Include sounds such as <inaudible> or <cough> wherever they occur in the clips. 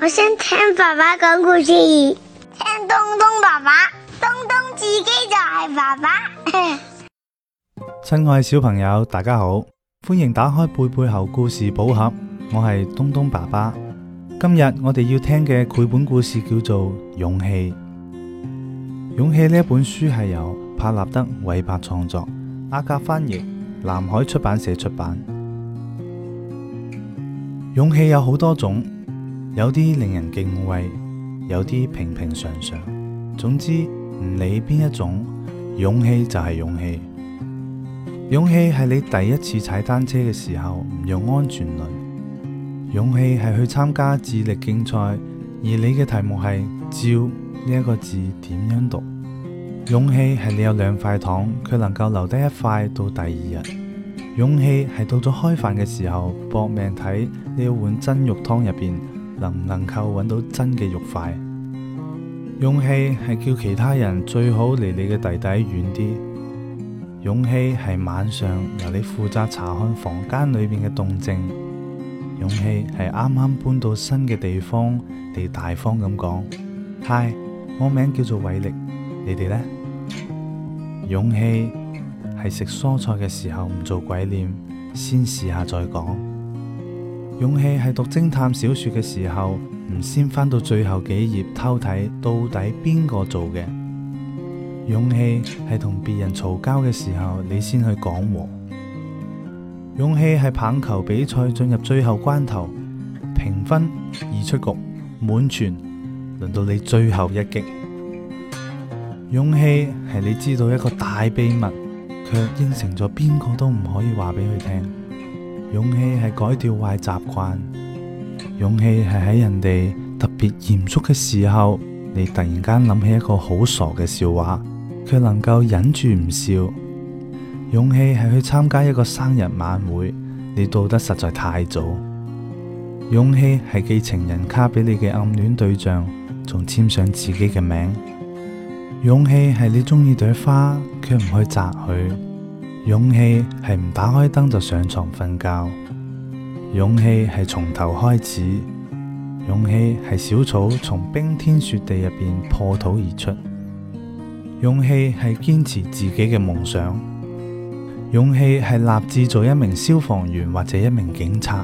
我想聽爸爸講故事，聽東東爸爸，東東自己就係爸爸。 <laughs> 親愛小朋友，大家好，歡迎打開貝貝猴故事寶盒，我係東東爸爸。今日我哋要聽嘅繪本故事叫做《勇氣》。《勇氣》呢本書係由帕納德韋伯創作，阿格翻譯。南海出版社出版。勇氣有好多種，有啲令人敬畏，有啲平平常常。總之，唔理邊一種，勇氣就係勇氣。勇氣係你第一次踩單車嘅時候唔用安全輪。勇氣係去參加智力競賽，而你嘅題目係“照”呢一個字點樣讀？勇氣係你有兩塊糖，佢能夠留低一塊到第二日。勇氣係到咗開飯嘅時候，搏命睇呢一碗真肉湯入邊能唔能夠揾到真嘅肉塊。勇氣係叫其他人最好離你嘅弟弟遠啲。勇氣係晚上由你負責查看房間裏面嘅動靜。勇氣係啱啱搬到新嘅地方，你大方咁講：嗨，我名叫做偉力。你哋呢？勇氣係食蔬菜嘅時候唔做鬼臉，先試下再講。勇氣係讀偵探小說嘅時候，唔先翻到最後幾頁偷睇到底邊個做嘅。勇氣係同別人嘈交嘅時候，你先去講和。勇氣係棒球比賽進入最後關頭，平分而出局，滿全，輪到你最後一擊。勇氣係你知道一個大秘密，卻應承咗邊個都唔可以話俾佢聽。勇氣係改掉壞習慣。勇氣係喺人哋特別嚴肅嘅時候，你突然間諗起一個好傻嘅笑話，卻能夠忍住唔笑。勇氣係去參加一個生日晚會，你到得實在太早。勇氣係寄情人卡俾你嘅暗戀對象，仲簽上自己嘅名。勇氣係你中意朵花卻唔去摘佢；勇氣係唔打開燈就上床瞓覺；勇氣係從頭開始；勇氣係小草從冰天雪地入邊破土而出；勇氣係堅持自己嘅夢想；勇氣係立志做一名消防員或者一名警察；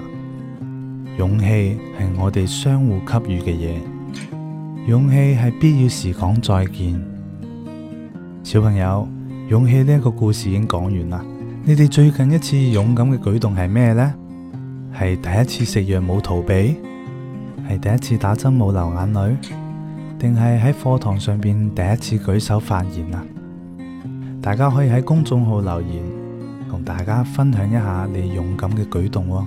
勇氣係我哋相互給予嘅嘢。勇氣係必要時講再見。小朋友，勇氣呢個故事已經講完啦。你哋最近一次勇敢嘅舉動係咩呢？係第一次食藥冇逃避，係第一次打針冇流眼淚，定係喺課堂上邊第一次舉手發言啊？大家可以喺公眾號留言，同大家分享一下你勇敢嘅舉動喎，哦。